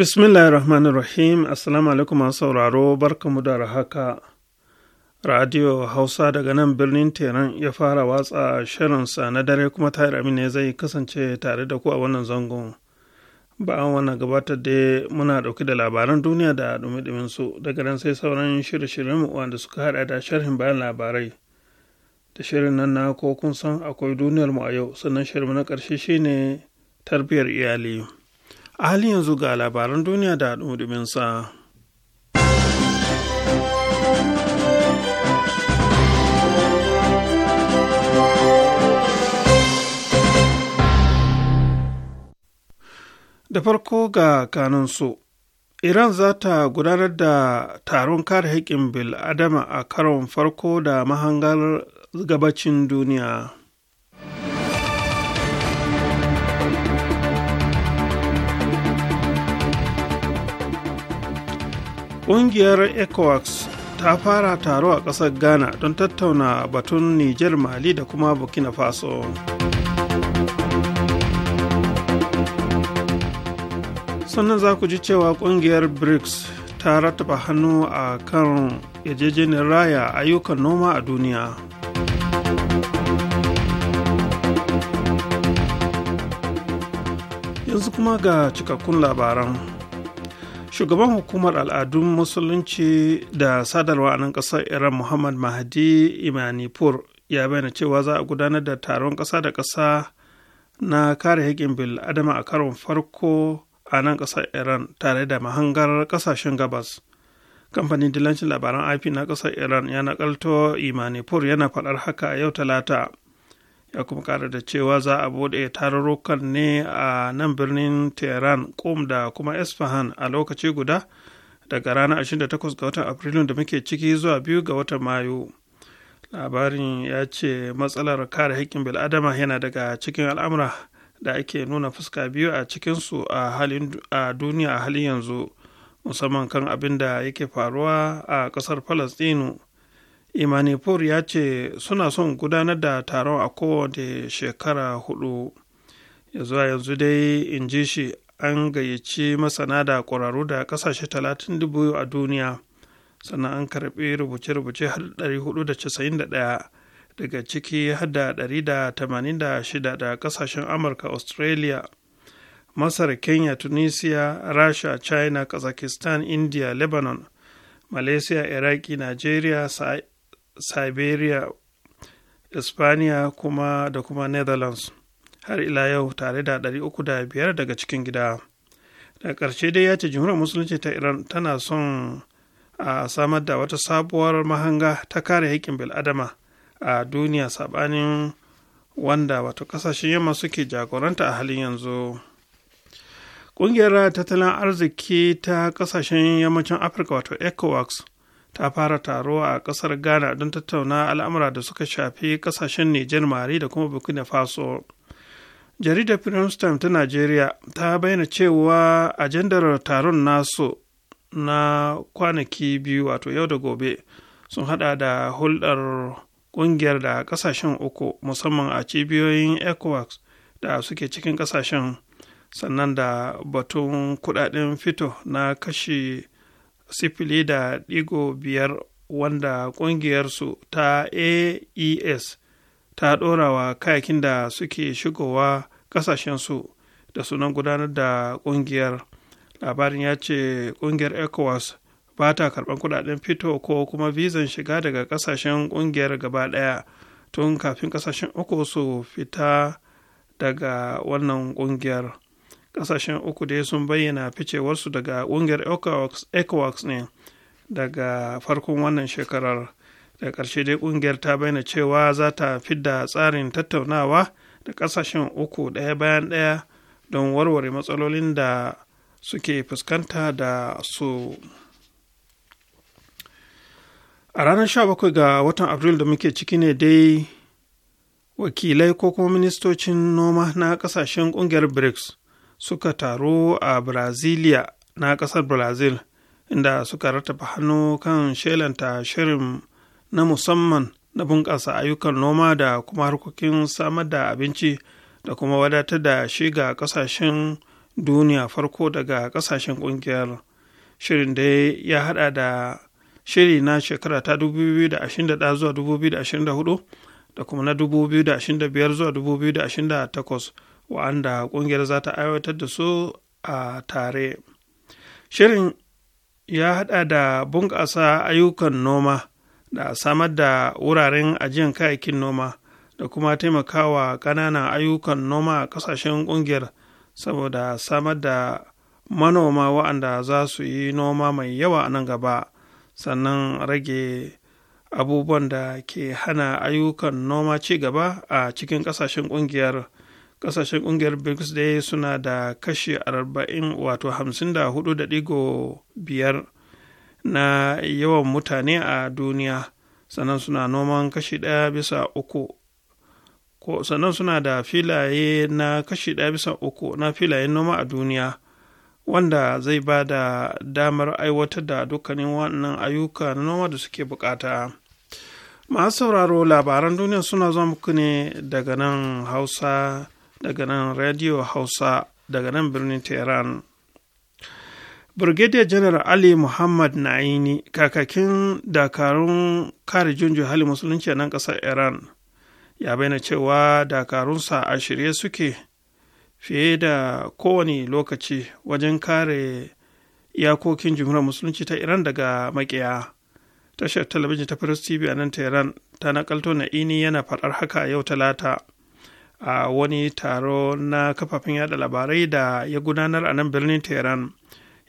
Bismillahirrahmanirrahim. Assalamu alaikum masu sauraro barkamu da haka. Radio Hausa daga nan birnin Teran ya fara watsa shirinsa na dare kuma Tahir Amina zai kasance tare da ku a wannan zangon. Ba'an wannan gabatar da muna dauki da labaran duniya da dumi su daga nan sai sauran shirye-shiryen wanda suka haɗa da sharhin bayan labarai. Da shirin nan na ko kun san akwai duniyar mu a yau sannan shirin na karshe shine tarbiyar iyali. a halin yanzu ga labaran duniya da haɗin sa. da farko ga su iran za ta gudanar da taron kare haƙƙin bil'adama a karon farko da mahangar gabacin duniya ƙungiyar ECOWAX ta fara taro a ƙasar ghana don tattauna batun Nijar mali da kuma burkina faso sannan za ku ji cewa ƙungiyar brics ta rattaba hannu a kan yajejeniyar raya ayyukan noma a duniya yanzu kuma ga cikakkun labaran shugaban hukumar al'adun musulunci da sadarwa a nan ƙasar iran muhammad mahdi imanipur ya bayyana cewa za a gudanar da taron ƙasa da ƙasa na kare haƙƙin bil adama a karon farko a nan ƙasar iran tare da mahangar ƙasashen gabas kamfanin dilancin labaran ip na ƙasar iran ya nakalto imanipur yana faɗar haka yau talata ya kuma kara da cewa za a bude tarurrukan ne a nan birnin tehran kum da kuma isfahan a lokaci guda daga ranar 28 ga watan afrilun da muke ciki zuwa biyu ga watan mayu labarin ya ce matsalar kare haƙƙin bil'adama yana daga cikin al'amura da ake nuna fuska biyu a cikinsu a duniya a halin yanzu musamman kan abin da yake faruwa a ƙasar falastinu imanipur ya ce suna son gudanar da taron a kowace shekara hudu ya zuwa yanzu dai in ji shi an gayyaci masana da ƙwararru da ƙasashe 30,000 a duniya sannan an karɓi rubuce-rubuce har 491 daga ciki har da 186 da ƙasashen amurka australia masar kenya tunisia rasha china kazakhstan india lebanon malaysia iraki nigeria siberia Espaniya kuma da kuma Netherlands har ila yau tare da 305 daga cikin gida. Da ƙarshe dai ya ce jimhuriyar musulunci ta Iran tana son a samar da wata sabuwar mahanga ta kare haƙƙin bil'adama a duniya saɓanin wanda wato ƙasashen yamma suke jagoranta a halin yanzu. Ƙungiyar tattalin arziki ta ƙasashen yammacin Afirka wato ECOWAS ta fara taro a kasar ghana don tattauna al'amura da suka shafi kasashen nijar mari da kuma burkina faso jaridar princeton ta nigeria ta bayyana cewa ajandar taron nasu na kwanaki biyu wato yau da gobe sun hada da hulɗar ƙungiyar da ƙasashen uku musamman a cibiyoyin ecowas da suke cikin ƙasashen sannan da batun kudaden fito na kashi sifili da ɗigo biyar wanda ƙungiyarsu ta aes ta ɗorawa wa kayakin da suke shigowa ƙasashensu da sunan gudanar da ƙungiyar labarin ya ce ƙungiyar ecowas ba ta karɓar kuɗaɗen fito ko kuma vizan shiga daga ƙasashen ƙungiyar gaba ɗaya tun kafin ƙasashen uku su fita daga wannan ƙungiyar. kasashen uku dai sun bayyana ficewarsu daga ƙungiyar ecowax ne daga farkon wannan shekarar da ƙarshe dai ƙungiyar ta bayyana cewa za ta fidda tsarin tattaunawa da ƙasashen uku ɗaya bayan ɗaya don warware matsalolin da suke fuskanta da su a ranar 17 ga watan april da muke ciki ne dai wakilai ko kuma ministocin noma na kasashen kungiyar brics suka taru a brazilia na ƙasar brazil inda suka rattaba hannu kan shelanta shirin na musamman na bunƙasa ayyukan noma da kuma harkokin samar da abinci da kuma wadatar da shiga ga duniya farko daga ƙasashen ƙungiyar shirin da ya hada da shiri na shekara ta 2021 zuwa 2024 da kuma na 2025 zuwa wa'anda ƙungiyar za ta aiwatar da su a tare shirin ya haɗa da bunƙasa ayyukan noma da samar da wuraren ajiyar kayakin noma da kuma taimakawa ƙananan ayyukan noma a ƙasashen ƙungiyar saboda samar da manoma wa'anda za su yi noma mai yawa a nan gaba sannan rage abubuwan da ke hana ayyukan noma ci gaba a cikin ƙasashen ƙungiyar kasashen ƙungiyar brics dai suna da kashi 40 wato 54.5 na yawan mutane a duniya sannan suna noman kashi ɗaya bisa uku ko sannan suna da filaye na kashi ɗaya bisa uku na filayen noma a duniya wanda zai ba da damar aiwatar da dukkanin wannan ayyuka na noma da suke bukata masu sauraro labaran duniya suna zuwa muku ne daga nan hausa daga nan radio hausa daga nan birnin tehran brigadier general ali muhammad naini kakakin dakarun kare junjun hali musulunci a nan kasar iran ya bayyana cewa dakarunsa a shirye suke fiye da kowane lokaci wajen kare iyakokin jimhuriyar musulunci ta iran daga makiya tashar talabijin ta firis tv a nan tehran ta nakalto na ini yana faɗar haka yau talata a wani taro na kafafen yada labarai da ya gudanar a nan birnin tehran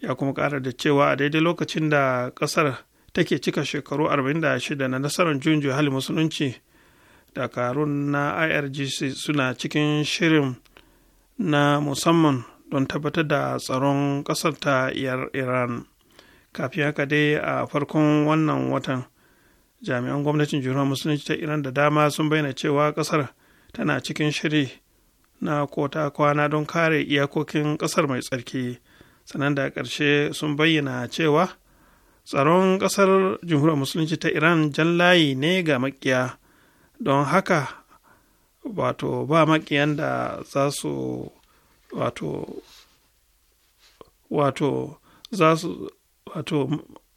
ya kuma kara da cewa a daidai lokacin da kasar take cika shekaru 46 na nasarar junju hali musulunci dakarun na irgc suna cikin shirin na musamman don tabbatar da tsaron kasar ta iran kafin haka dai a farkon wannan watan jami'an gwamnatin juna musulunci ta iran da dama sun bayyana cewa kasar tana cikin shiri na kota kwana don kare iyakokin ƙasar mai tsarki sannan da ƙarshe sun bayyana cewa tsaron ƙasar jamhuriyar musulunci ta iran jan layi ne ga makiya don haka wato ba makiyan da za su wato wato za su wato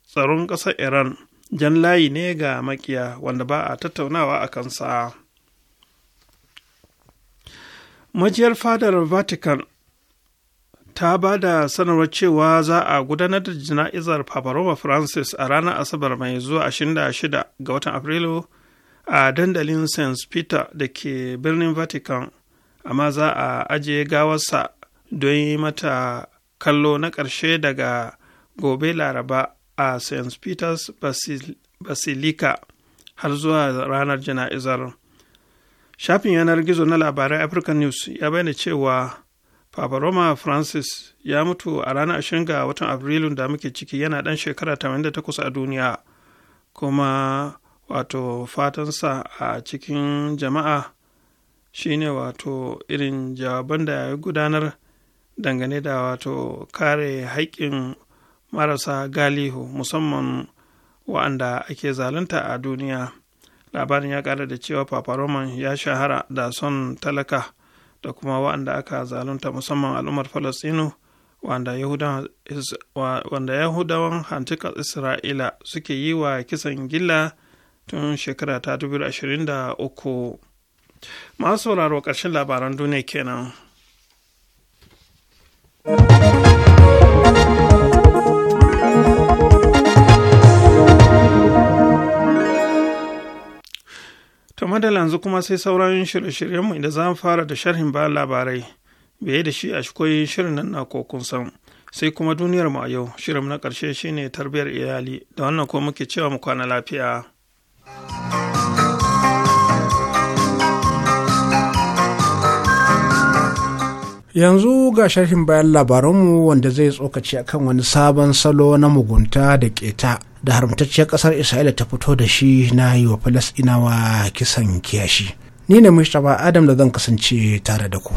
tsaron ƙasar iran jan layi ne ga makiya wanda ba a tattaunawa a kansa. majiyar fadar vatican ta ba da sanarwar cewa za a gudanar da jana'izar papa roma francis a ranar asabar mai zuwa 26 ga watan afrilu a dandalin st peter da ke birnin vatican amma za a ajiye gawarsa don yi mata kallo na ƙarshe daga gobe laraba a st peters basilica har zuwa ranar jana'izar shafin yanar gizo na labarai african news ya bayyana cewa papa roma francis ya mutu a ranar 20 ga watan abrilun da muke ciki yana dan shekara 88 a duniya kuma wato fatansa a cikin jama'a shine wato irin jawaban da ya gudanar dangane da wato kare haƙƙin marasa galihu musamman wa'anda ake zalunta a duniya labarin ya kara da cewa papa roman ya shahara da son talaka da kuma wa'anda aka zalunta musamman al'ummar falastinu wanda yahudawan hantikar isra'ila suke yi wa kisan gilla tun shekara ta 2023 masu sauraro ƙarshen labaran duniya kenan. To madalla yanzu kuma sai sauran shirye-shiryenmu inda za mu fara da sharhin bayan labarai, biye da shi a shikoyi shirin nan na kokun san. Sai kuma duniyar mu a yau, shirin na ƙarshe shine tarbiyyar iyali, da wannan ko muke cewa mu kwana lafiya. yanzu ga sharhin bayan labaranmu wanda zai tsokaci akan wani sabon salo na mugunta da keta da haramtacciyar kasar isra'ila ta fito da shi na yi wa falasɗinawa kisan kiyashi ni ne mustapha adam da zan kasance tare da ku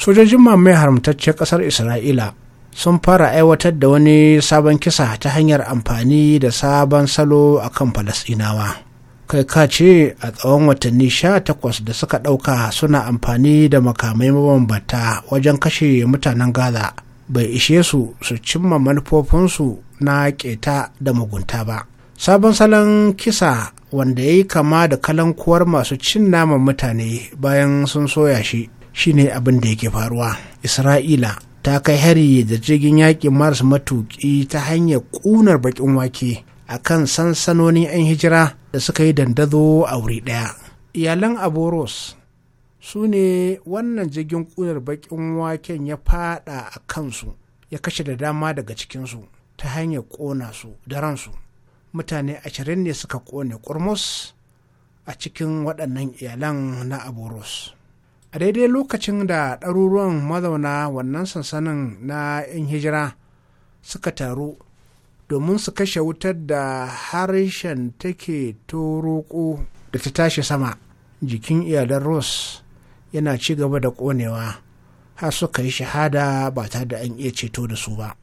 sojojin mamaye haramtacciyar kasar isra'ila sun fara aiwatar da wani sabon kisa ta hanyar amfani da sabon salo akan falasɗinawa kai ka ce a tsawon watanni sha takwas da suka ɗauka suna amfani da makamai mabambata wajen kashe mutanen gaza bai ishe su su cimma manufofinsu na keta da mugunta ba sabon salon kisa wanda ya yi kama da kalankuwar masu cin naman mutane bayan sun soya shi shine abin da yake faruwa isra'ila ta kai hari da jirgin yakin maras matuƙi ta hanyar ƙunar baƙin wake a kan sansanonin 'yan hijira da suka yi dandazo a wuri ɗaya iyalan aboros su ne wannan jirgin ƙunar baƙin waken ya faɗa a kansu ya kashe da dama daga cikinsu ta hanyar ƙona su da ransu mutane ashirin ne suka ƙone ƙurmus a cikin waɗannan iyalan na aboros a daidai lokacin da ɗaruruwan mazauna wannan sansanin na 'yan hijira suka taru domin su kashe wutar da harshen take toroko da ta tashi sama jikin iyalan ross yana ci gaba da ƙonewa har suka yi shahada ba ta da an iya ceto da su ba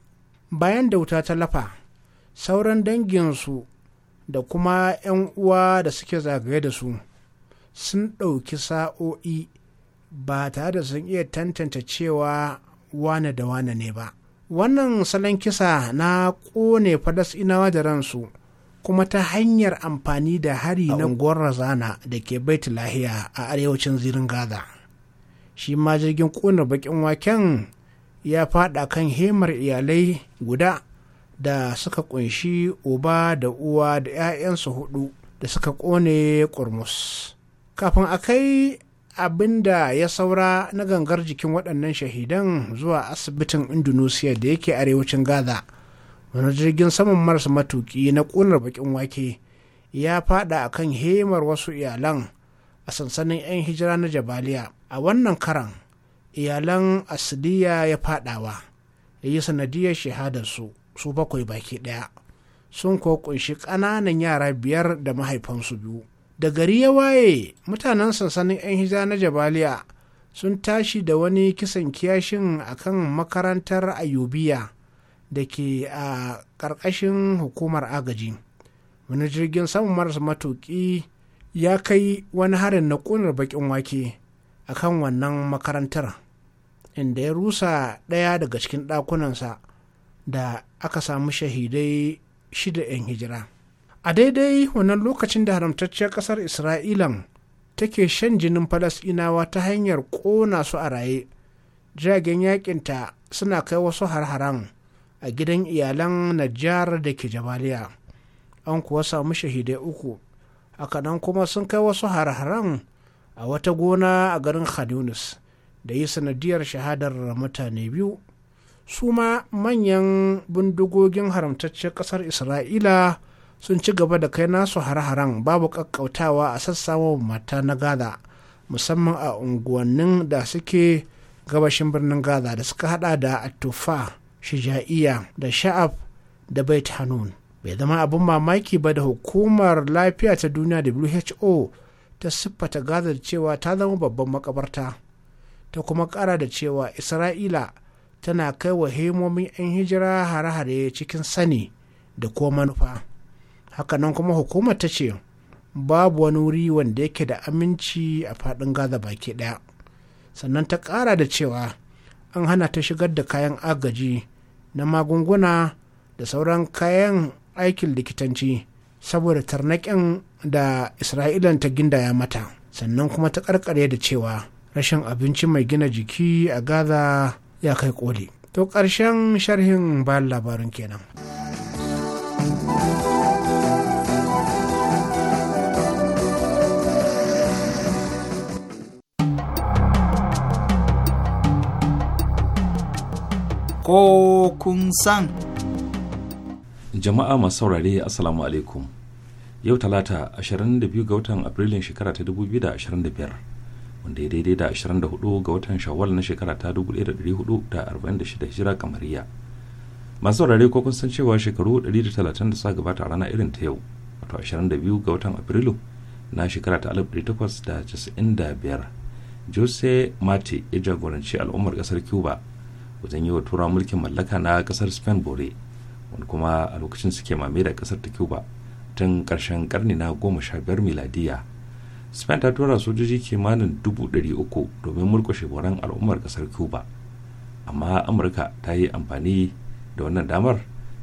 bayan da wuta ta lafa sauran danginsu da kuma 'yan uwa da suke zagaye da su sun ɗauki sa'o'i ba tare da sun iya tantance cewa wane da wane ne ba wannan salon kisa na kone ƙone falasɗinawa da ransu kuma ta hanyar amfani da hari na razana da ke bait lahiya a arewacin zirin gaza shi ma jirgin ƙona bakin waken ya fada kan hemar iyalai guda da suka kunshi uba da uwa da 'ya'yansu hudu da suka kone kurmus. kafin a kai abin da ya saura na gangar jikin waɗannan shahidan zuwa asibitin indonesia da yake arewacin gaza wani jirgin saman marasa matuki na ƙunar baƙin wake ya fada a kan hemar wasu iyalan a sansanin 'yan hijira na jabaliya a wannan karan iyalan asidiya ya fadawa ya yi sanadiyar shahadarsu su bakwai baki ɗaya sun kuwa ƙunshi ƙananan yara biyar da mahaifansu biyu da gari ya waye mutanen sansanin 'yan hijira na jabaliya sun tashi da wani kisan kiyashin a kan makarantar ayubiya da ke a ƙarƙashin hukumar agaji wani jirgin samun marasa matuƙi ya kai wani harin na ƙunar baƙin wake a kan wannan makarantar inda ya rusa ɗaya daga cikin ɗakunansa da aka samu shahidai shida 'yan hijira a daidai wannan lokacin da haramtacciyar kasar isra'ilan take shan jinin falasɗinawa ta hanyar ƙona su a raye jiragen yakinta suna kai wasu har a gidan iyalan najjar da ke jabaliya an kuwa samu shahidai uku hakanan kuma sun kai wasu har a wata gona a garin khan da yi sanadiyar shahadar mutane biyu su ma manyan bindigogin haramtaccen kasar isra'ila sun ci gaba da kai nasu har-haren babu kakkautawa a sassawa mata na gaza musamman a unguwannin da suke gabashin birnin gaza da suka hada da atufa shija'iya da sha'af da bait hanun bai zama abin mamaki ba da hukumar lafiya ta duniya who ta siffata gaza da cewa ta zama babban makabarta ta kuma kara da cewa isra'ila tana kai wa hemomin 'yan hijira hare-hare cikin sani da kuma manufa. hakanan kuma hukumar ta ce babu wani wuri wanda yake da aminci a fadin gaza baki daya sannan ta kara da cewa an hana ta shigar da kayan agaji na magunguna da sauran kayan aikin likitanci saboda tarnaƙin da isra'ilan ta gindaya mata sannan kuma ta karkare da cewa rashin abinci mai gina jiki a gaza ya kai koli to ƙarshen sharhin bayan labarin kenan. ko kun san. Jama'a masu saurare Assalamu alaikum. Yau Talata 22 ga watan Afrilun shekara ta 2025 wanda ya daidai da 24 ga watan Shawwal na shekara ta 1446 Hijira kamariya. Masu saurare ko kun san cewa shekaru 130 da sa gabata a rana irin ta yau, wato 22 ga watan Afrilu na shekara ta 1895 Jose Mate ya jagoranci al'ummar kasar Cuba wajen yi wa turawa mulkin mallaka na kasar spain bore wani kuma a lokacin suke mame da kasar ta cuba tun karshen karni na goma sha biyar miladiya spain ta tura sojoji kimanin dubu ɗari uku domin murkushe boran al'ummar kasar cuba amma amurka ta yi amfani da wannan damar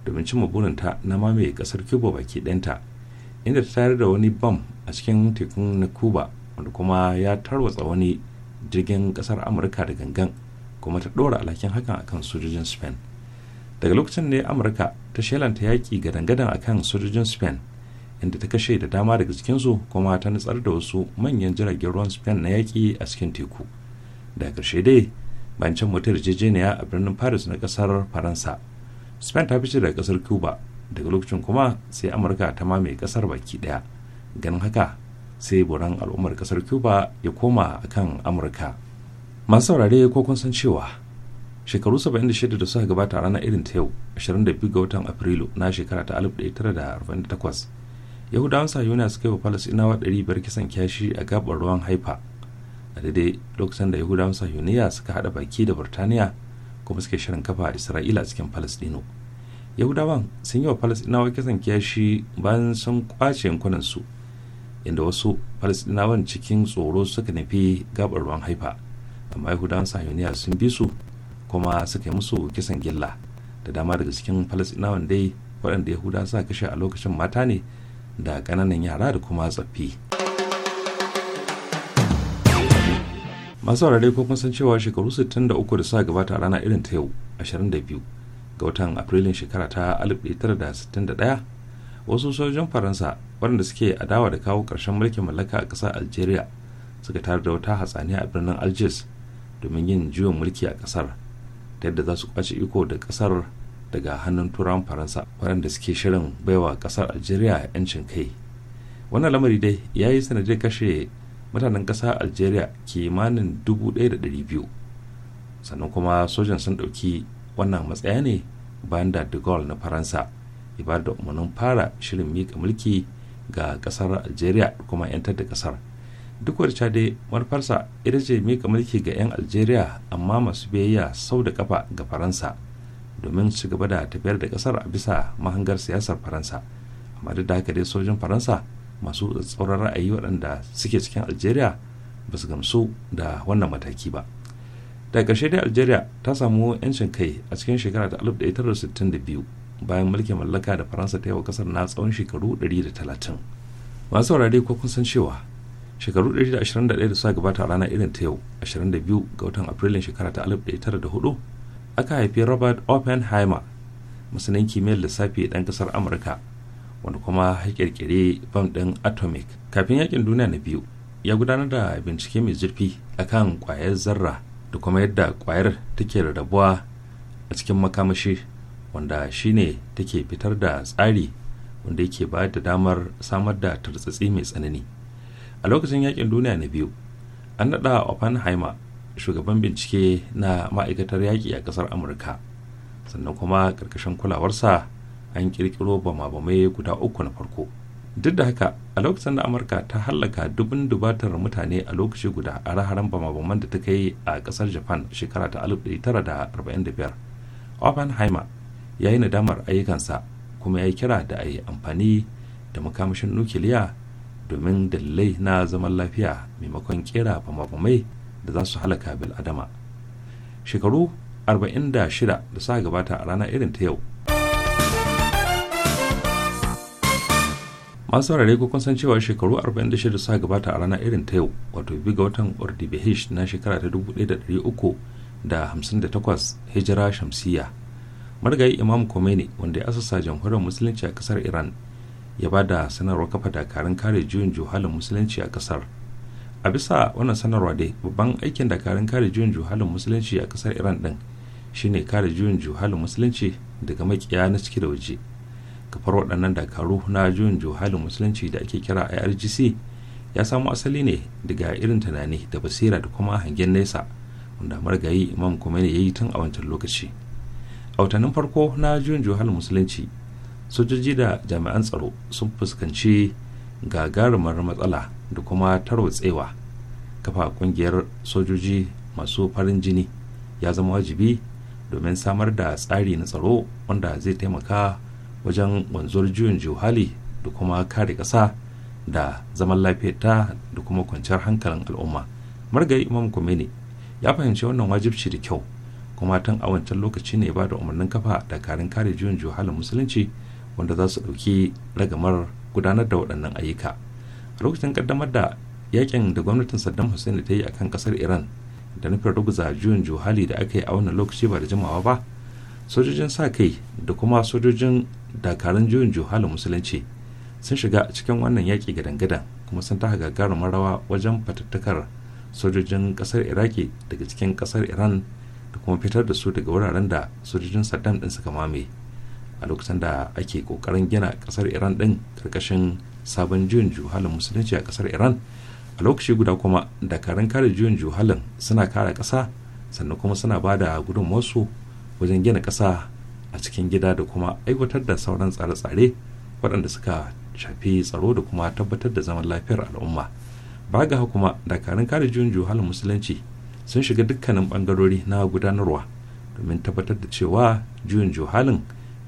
domin cimma burinta na mamaye kasar cuba baki ɗanta inda ta tayar da wani bam a cikin tekun na cuba wanda kuma ya tarwatsa wani jirgin kasar amurka da gangan kuma ta ɗora alhakin hakan akan sojojin spain daga lokacin ne amurka ta shelanta gadan gadangadan akan sojojin spain inda ta kashe da dama daga cikinsu kuma ta nutsar da wasu manyan jiragen ruwan spain na yaki a cikin teku da ƙarshe dai bancin mutar jejeniya a birnin paris na kasar faransa spain ta fice daga kasar cuba daga lokacin kuma sai amurka ta mame kasar baki daya ganin haka sai buran al'ummar kasar cuba ya koma akan amurka masu saurare ko kun san cewa shekaru 76 da suka gabata ranar irin ta yau 22 ga watan afrilu na shekara ta 1948 yahudawan sayuna suka yi wa falasinawa 500 kisan kyashi a gabar ruwan haifa a daidai lokacin da yahudawan sayuniya suka hada baki da burtaniya kuma suke shirin kafa isra'ila cikin falasdino yahudawan sun yi wa falasinawa kisan kyashi bayan sun kwace yankunan su inda wasu falasinawan cikin tsoro suka nufi gabar ruwan haifa amma yahudawan sahiyoniya sun bi su kuma suka yi musu kisan gilla da dama daga cikin falasɗinawan dai waɗanda huda sa kashe a lokacin mata ne da ƙananan yara da kuma tsaffi masu saurare ko kun san cewa shekaru 63 da suka gabata a rana irin ta yau 22 ga watan afrilun shekara ta 1961 wasu sojojin faransa waɗanda suke adawa da kawo ƙarshen mulkin mallaka a ƙasar algeria suka tare da wata hatsaniya a birnin algiers domin yin juyin mulki a kasar ta yadda za su kwace iko da kasar daga hannun turan faransa waɗanda suke shirin baiwa kasar algeria 'yancin kai wannan lamari dai ya yi sanadiyar kashe mutanen ƙasa algeria kimanin biyu sannan kuma sojan sun ɗauki wannan matsaya ne bayan da de gaulle na faransa ya da umarnin fara shirin miƙa mulki ga ƙasar algeria kuma 'yantar da ƙasar duk wacce dai manufarsa ita ce mika mulki ga 'yan algeria amma masu biyayya sau da kafa ga faransa domin su gaba da tafiyar da kasar a bisa mahangar siyasar faransa amma duk da haka dai sojin faransa masu tsauran ra'ayi waɗanda suke cikin algeria ba su gamsu da wannan mataki ba daga ƙarshe dai algeria ta samu 'yancin kai a cikin shekara ta 1962 bayan mulkin mallaka da faransa ta yi wa kasar na tsawon shekaru 130 masu saurare ko kun san cewa shekaru 121 da suka gabata a ranar irin ta yau 22 ga watan afrilun shekara ta 1904 aka haifi robert oppenheimer masanin kimiyyar lissafi ɗan ƙasar amurka wanda kuma ya kirkiri bam ɗin atomic kafin yakin duniya na biyu ya gudanar da bincike mai zurfi akan kwayar zarra da kuma yadda kwayar take rarrabuwa a cikin makamashi wanda shine take fitar da tsari wanda yake bayar da damar samar da tartsatsi mai tsanani a lokacin yakin duniya na biyu an naɗa oppenheimer shugaban bincike na ma'aikatar yaƙi a ƙasar amurka sannan kuma ƙarƙashin kulawarsa an ƙirƙiro bama-bamai guda uku na farko duk da haka a lokacin da amurka ta hallaka dubin dubatar mutane a lokaci guda a raharan bama-baman da ta kai a ƙasar japan shekara ta 1945 oppenheimer ya yi nadamar ayyukansa kuma ya yi kira da a yi amfani da makamashin nukiliya domin dalilai na zaman lafiya maimakon kera bamabamai da za su halaka adama. shekaru 46 da sa gabata a rana irin ta yau masu saurare ko kun san cewa shekaru 46 da sa gabata a rana irin ta yau wato biga ga watan ordibihish na shekara ta 1358 hijira shamsiya marigayi imam khomeini wanda ya asasa jamhuriyar musulunci a kasar iran ya ba da sanarwar kafa dakarun kare juyin juhalin musulunci a kasar a bisa wannan sanarwa dai babban aikin dakarun kare juyin juhalin musulunci a kasar iran din shine kare juyin juhalin musulunci daga makiya na ciki da waje kafar waɗannan dakaru na juyin juhalin musulunci da ake kira irgc ya samo asali ne daga irin tunani da basira da kuma hangen nesa wanda marigayi imam kuma ya yi tun a wancan lokaci a watannin farko na juyin juhalin musulunci sojoji da jami'an tsaro sun fuskanci gagarumar matsala da kuma tarwatsewa kafa kungiyar sojoji masu farin jini ya zama wajibi domin samar da tsari na tsaro wanda zai taimaka wajen wanzuwar juyin juhali da kuma kare ƙasa da zaman lafiyata da kuma kwanciyar hankalin al'umma margari imam kumeni ya fahimci wannan wajibci da kyau kuma tun a wancan lokaci ne ba da umarnin kafa da karin kare juyin juhalin musulunci wanda za su ɗauki ragamar gudanar da waɗannan ayyuka a lokacin kaddamar da yakin da gwamnatin saddam hussein ta yi a kan ƙasar iran da nufin ruguza juyin juhali da aka yi a wannan lokaci ba da jimawa ba sojojin sa kai da kuma sojojin dakarun juyin juhali musulunci sun shiga cikin wannan yaƙi gadan-gadan kuma sun taka gagarumin rawa wajen fatattakar sojojin ƙasar iraki daga cikin ƙasar iran da kuma fitar da su daga wuraren da sojojin saddam ɗin suka mamaye a lokacin da ake kokarin gina kasar iran din karkashin sabon juyin juhalin musulunci a kasar iran a lokaci guda kuma dakarun kare juyin juhalin suna kara kasa sannan kuma suna ba da gudunmuwarsu wajen gina kasa a cikin gida da kuma aiwatar da sauran tsare-tsare waɗanda suka shafi tsaro da kuma tabbatar da zaman lafiyar al'umma ba ga kuma dakarun kare juyin juhalin musulunci sun shiga dukkanin bangarori na gudanarwa domin tabbatar da cewa juyin juhalin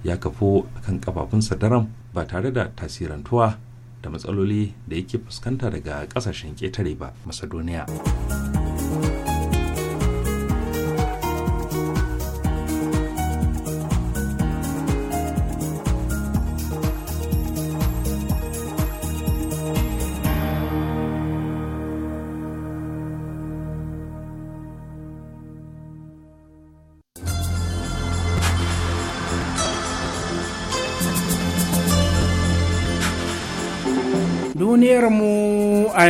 ya kafo kan kafafunsa daram ba tare da tasirantuwa da matsaloli da yake fuskanta daga kasashen ketare ba macedonia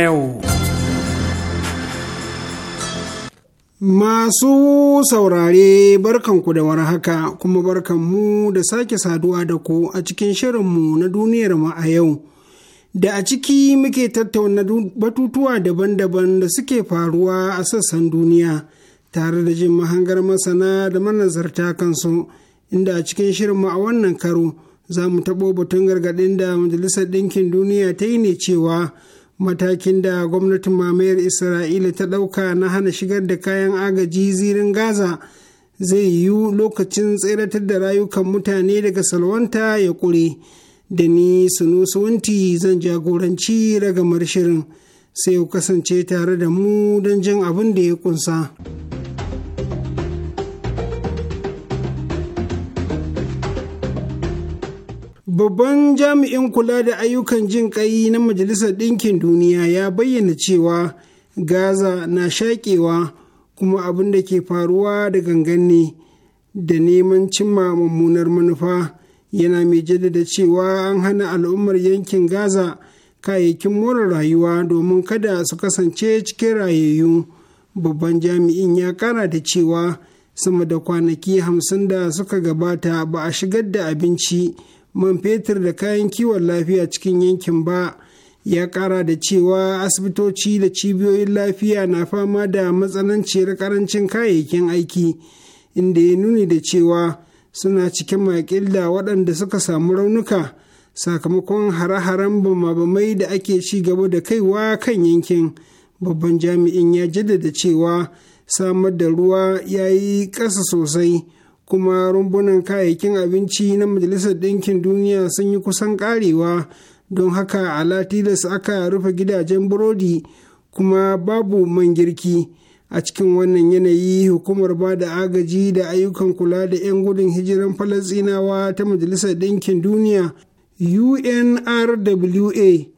yau. Masu saurare barkanku da haka kuma barkanmu da sake saduwa da ku a cikin shirinmu na duniyarmu a yau. Da a ciki muke tattauna batutuwa daban-daban da suke faruwa a sassan duniya tare da jin mahangar masana da manazarta kansu inda a cikin shirinmu a wannan karo za mu taɓo batun gargaɗin da Majalisar Ɗinkin Duniya ta yi ne cewa matakin da gwamnatin mamayar isra'ila ta ɗauka na hana shigar da kayan agaji zirin gaza zai yiwu lokacin tseratar da rayukan mutane daga salwanta ya ƙure da ni sunu zan jagoranci ragamar shirin sai ku kasance tare da mu don jin abin da ya kunsa. Babban jami'in kula da ayyukan jin ƙai na Majalisar Ɗinkin Duniya ya bayyana cewa Gaza na shaƙewa kuma abin da ke faruwa da gangan da neman cimma mummunar manufa yana mai jaddada cewa an hana al'ummar yankin Gaza kayayyakin more rayuwa domin kada su kasance cikin rayayyu. Babban jami'in ya kara da cewa sama da kwanaki hamsin da suka gabata ba a shigar da abinci. man fetur da kayan kiwon lafiya cikin yankin ba ya kara da cewa asibitoci da cibiyoyin lafiya na fama da matsananciyar karancin kayayyakin aiki inda ya nuni da cewa suna cikin makil waɗanda suka samu raunuka sakamakon hare-haren bamabamai da ake ci gaba da kaiwa kan yankin babban jami'in ya jaddada cewa samar da ruwa ya yi ƙasa sosai kuma rumbunan kayayyakin abinci na majalisar ɗinkin duniya sun yi kusan ƙarewa don haka a latilas aka rufe gidajen burodi kuma babu man girki a cikin wannan yanayi hukumar ba da agaji da ayyukan kula da 'yan gudun hijiran falasinawa ta majalisar ɗinkin duniya unrwa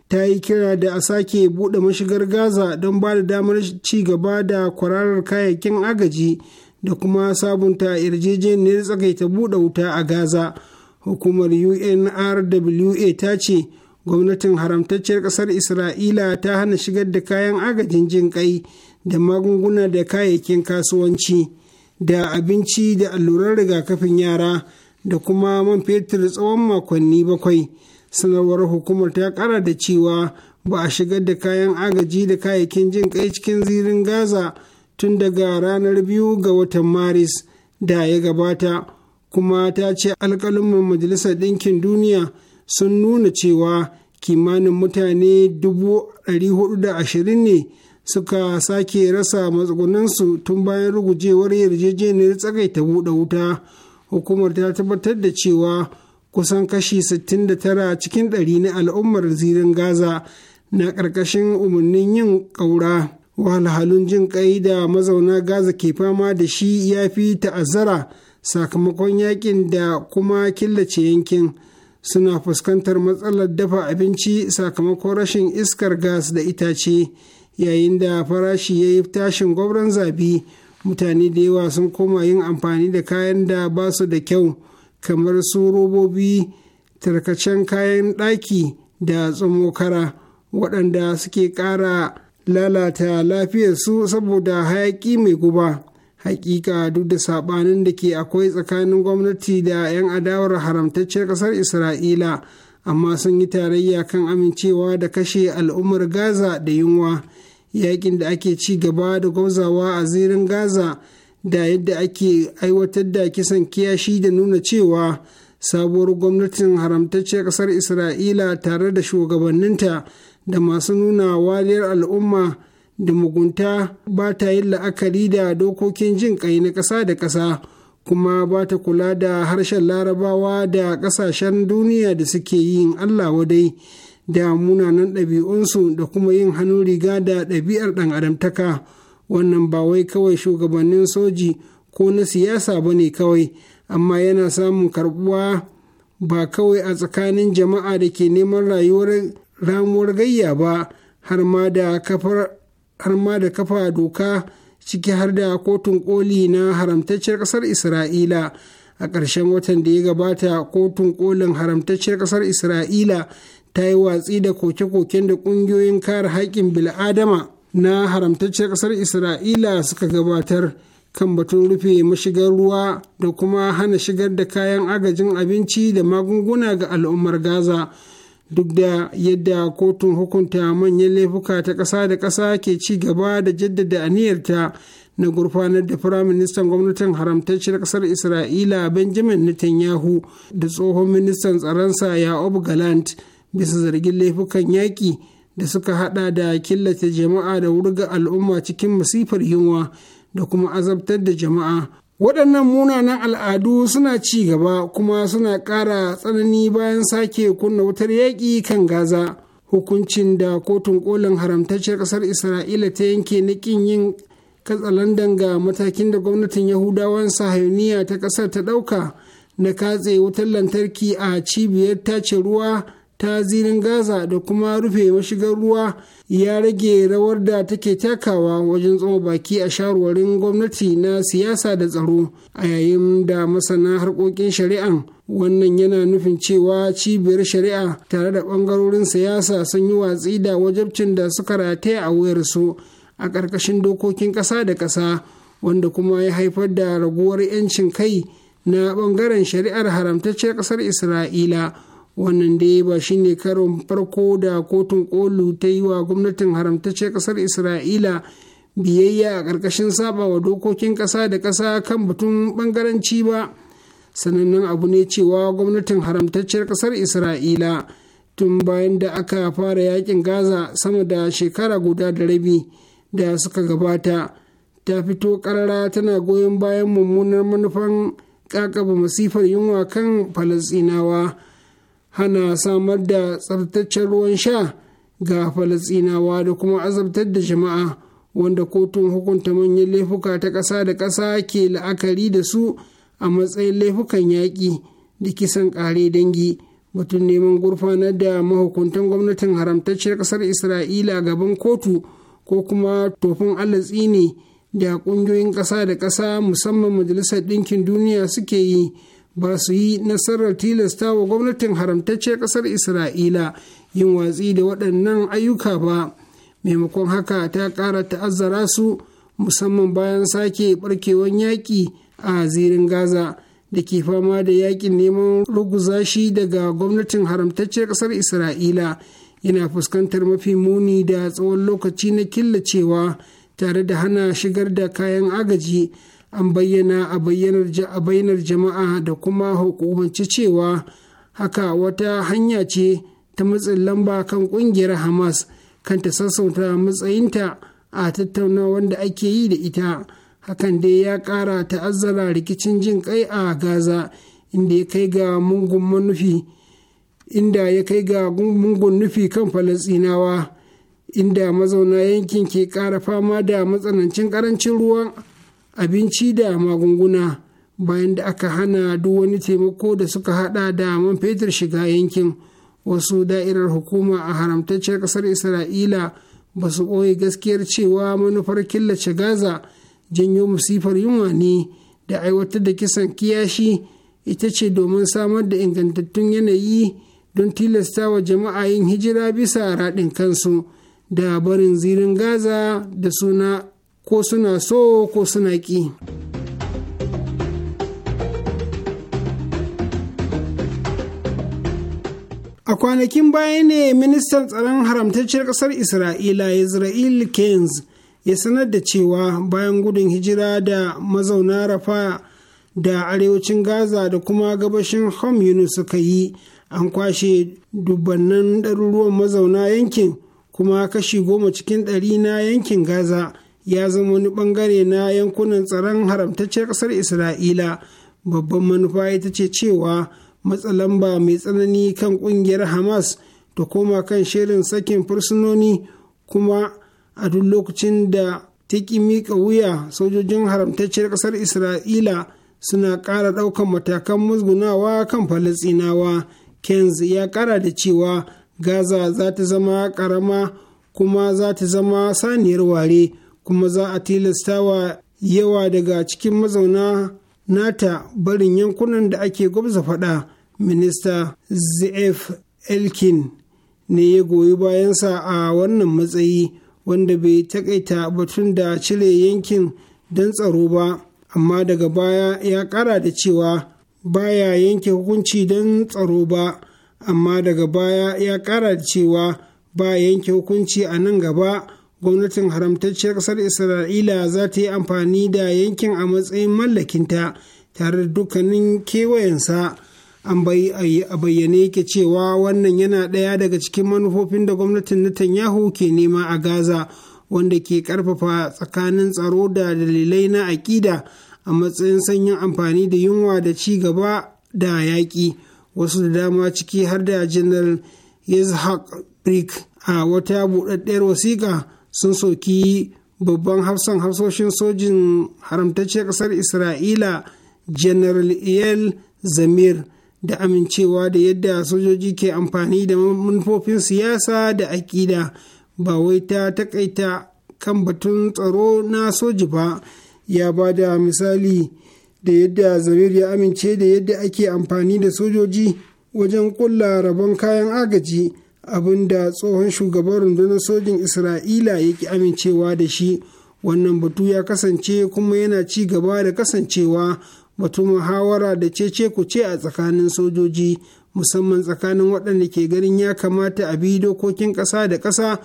ta yi kira da a sake buɗe mashigar gaza don ba da damar ci gaba da kwararar kayayyakin agaji da kuma sabunta yarjejeniyar tsakaita buɗe wuta a gaza hukumar unrwa ta ce gwamnatin haramtacciyar ƙasar isra'ila ta hana shigar da kayan agajin jin kai da magunguna da kayayyakin kasuwanci da abinci da alluran rigakafin yara da kuma man fetur tsawon makonni bakwai sanarwar hukumar ta kara da cewa ba a shigar da kayan agaji da kayayyakin jin kai cikin zirin gaza tun daga ranar biyu ga watan maris da ya gabata kuma ta ce alkalumin majalisar ɗinkin duniya sun nuna cewa kimanin mutane 420 ne suka sake rasa matsugunansu tun bayan rugujewar yarjejeniyar tsagaita buɗe wuta hukumar ta tabbatar da cewa kusan kashi 69 cikin ɗari na al'ummar zirin gaza na ƙarƙashin umarnin yin ƙaura wahalhalun jin ƙai da mazauna gaza ke fama da shi ya fi ta'azzara sakamakon yakin da kuma killace yankin suna fuskantar matsalar dafa abinci sakamakon rashin iskar gas da itace yayin da farashi ya yi tashin gwabran zabi mutane da yawa sun koma yin amfani da kayan da ba su da kyau kamar su robobi tarkacen kayan ɗaki da tsumokara waɗanda suke ƙara lalata lafiyar su saboda hayaki mai guba hakika duk da saɓanin da ke akwai tsakanin gwamnati da 'yan adawar haramtacciyar ƙasar isra'ila amma sun yi tarayya kan amincewa da kashe al'ummar gaza da yunwa yakin da ake ci gaba da gwamzawa a zirin gaza da yadda ake aiwatar da kisan kiyashi da nuna cewa sabuwar gwamnatin haramtacciyar ƙasar isra'ila tare da shugabanninta da masu nuna waliyar al'umma da mugunta ba ta yin la'akari da dokokin jin ƙai na ƙasa da ƙasa kuma ba ta kula da harshen larabawa da ƙasashen duniya da suke yin allah wadai da munanan ɗabi'unsu da kuma yin hannun riga da ɗabi'ar ɗan adamtaka wannan ba wai kawai shugabannin soji ko na siyasa ba ne kawai amma yana samun karbuwa ba kawai a tsakanin jama'a da ke neman rayuwar ramuwar gayya ba har ma da kafa doka ciki har da kotun koli na haramtacciyar ƙasar isra'ila a ƙarshen watan da ya gabata kotun kolin haramtacciyar ƙasar isra'ila ta yi watsi da koke-koken da ƙungiyoyin kare haƙƙin bil'adama na haramtacciyar ƙasar isra'ila suka gabatar kan batun rufe mashigar ruwa da kuma hana shigar da kayan agajin abinci da magunguna ga al'ummar gaza. duk da yadda kotun hukunta manyan laifuka ta ƙasa da ƙasa ke ci gaba da jaddada aniyarta na gurfanar da firaministan gwamnatin haramtacciyar ƙasar isra'ila benjamin netanyahu da tsohon ministan tsaronsa yaob galant bisa zargin laifukan yaƙi da suka hada da killace jama'a da wurga al'umma cikin masifar yunwa da kuma azabtar da jama'a waɗannan munanan al'adu suna ci gaba kuma suna ƙara tsanani bayan sake kunna wutar yaƙi kan gaza hukuncin da kotun kolin haramtacciyar ƙasar isra'ila ta yanke na ƙin yin katsalandan ga matakin da gwamnatin yahudawan sahayuniya ta ƙasar ta ɗauka na katse wutar lantarki a cibiyar tace ruwa ta zirin gaza da kuma rufe mashigar ruwa ya rage rawar da take takawa wajen tsoma baki a shawarwarin gwamnati na siyasa da tsaro a yayin da masana harkokin shari'an wannan yana nufin cewa cibiyar shari'a tare da ɓangarorin siyasa sun yi watsi da wajabcin da suka rataye a wayarsu a ƙarƙashin dokokin ƙasa da ƙasa wanda kuma ya haifar da raguwar 'yancin kai na ɓangaren shari'ar haramtacciyar ƙasar isra'ila wannan dai ba shine karon farko da kotun kolu ta yi wa gwamnatin haramtacce kasar isra'ila biyayya a ƙarƙashin saba wa dokokin ƙasa da ƙasa kan batun ɓangaranci ba sanannen abu ne cewa gwamnatin haramtacciyar ƙasar isra'ila tun bayan da aka fara yakin gaza sama da shekara guda da rabi da suka gabata ta fito ƙarara tana goyon bayan mummunar manufan ƙaƙaba masifar yunwa kan falasɗinawa hana samar da tsabtaccen ruwan sha ga falasinawa da kuma azabtar da jama'a wanda kotun hukunta manyan laifuka ta ƙasa da ƙasa ke la'akari da su a matsayin laifukan yaƙi da kisan ƙare dangi batun neman gurfanar da mahukuntan gwamnatin haramtacciyar ƙasar isra'ila gaban kotu ko kuma tofin alatsi ne da ƙungiyoyin ƙasa da ƙasa musamman majalisar ɗinkin duniya suke yi ba su yi nasarar tilasta wa gwamnatin haramtacce ƙasar isra'ila yin watsi da waɗannan ayyuka ba maimakon haka ta ƙara ta'azzara su musamman bayan sake ɓarkewar yaƙi a zirin gaza da ke fama da yaƙin neman ruguza shi daga gwamnatin haramtacce ƙasar isra'ila yana fuskantar mafi muni da tsawon lokaci na killacewa tare da hana shigar da kayan agaji an bayyana a bayyanar jama'a da kuma hukumance cewa haka wata hanya ce ta matsin lamba kan kungiyar hamas kan ta sassauta matsayinta a tattaunawar wanda ake yi da ita hakan dai ya kara ta'azzara rikicin jin kai a gaza inda ya kai ga mungun manufi inda ya kai ga mungun nufi kan falasinawa inda mazauna yankin ke kara fama da matsanancin karancin ruwa abinci da magunguna bayan da aka hana duk wani taimako da suka hada da man fetur shiga yankin wasu da'irar hukuma a haramtacciyar kasar isra'ila ba su ɓoye gaskiyar cewa manufar killace gaza janyo musifar yunwa ne da aiwatar da kisan kiyashi ita ce domin samar da ingantattun yanayi don tilasta wa jama'a yin hijira bisa raɗin kansu da barin zirin gaza da suna ko suna so ko suna ƙi. A kwanakin baya ne ministan tsaron haramtacciyar ƙasar Isra'ila Israel Keynes ya sanar da cewa bayan gudun hijira da mazauna rafa da arewacin Gaza da kuma gabashin Hom Yunus suka yi an kwashe dubbannan ɗaruruwan mazauna yankin kuma kashi goma cikin ɗari na yankin Gaza ya zama wani bangare na yankunan tsaron haramtacciyar ƙasar isra'ila babban manufa ita ce cewa matsalamba mai tsanani kan ƙungiyar hamas da koma kan shirin sakin fursunoni kuma a duk lokacin da ta ƙi miƙa wuya sojojin haramtacciyar ƙasar isra'ila suna ƙara ɗaukan matakan musgunawa kan falasinawa kenz ya ƙara da cewa gaza za ta zama ƙarama kuma za ta zama saniyar ware kuma za a tilastawa yawa daga cikin mazauna nata barin yankunan da ake gwamza faɗa minista zf elkin ne ya goyi bayansa a wannan matsayi wanda bai takaita batun da cire yankin don tsaro ba amma daga baya ya kara da cewa baya yanke hukunci don tsaro ba amma daga baya ya kara da cewa ba yanke hukunci a nan gaba gwamnatin haramtacciyar ƙasar isra'ila za ta yi amfani da yankin a matsayin mallakinta tare da dukkanin kewayensa an a bayyane yake cewa wannan yana ɗaya daga cikin manufofin da gwamnatin netanyahu ke nema a gaza wanda ke ƙarfafa tsakanin tsaro da dalilai na aƙida a matsayin sanyin amfani da yunwa da ci gaba da yaƙi wasu da dama ciki har da janar yitzhak brick a wata buɗaɗɗiyar wasiƙa sun soki babban hafsan hafsoshin sojin haramtacciyar ƙasar isra'ila general el zamir da amincewa da yadda sojoji ke amfani da manufofin siyasa da aƙida ba wai ta taƙaita kan batun tsaro na soji ba ya ba da misali da yadda zamir ya amince da yadda ake amfani da sojoji wajen ƙulla rabon kayan agaji abin da tsohon shugaban rundunar sojin isra'ila ya ki amincewa da shi wannan batu ya kasance kuma yana ci gaba da kasancewa batu muhawara da cece ku ce a tsakanin sojoji musamman tsakanin waɗanda ke ganin ya kamata a bi dokokin ƙasa da ƙasa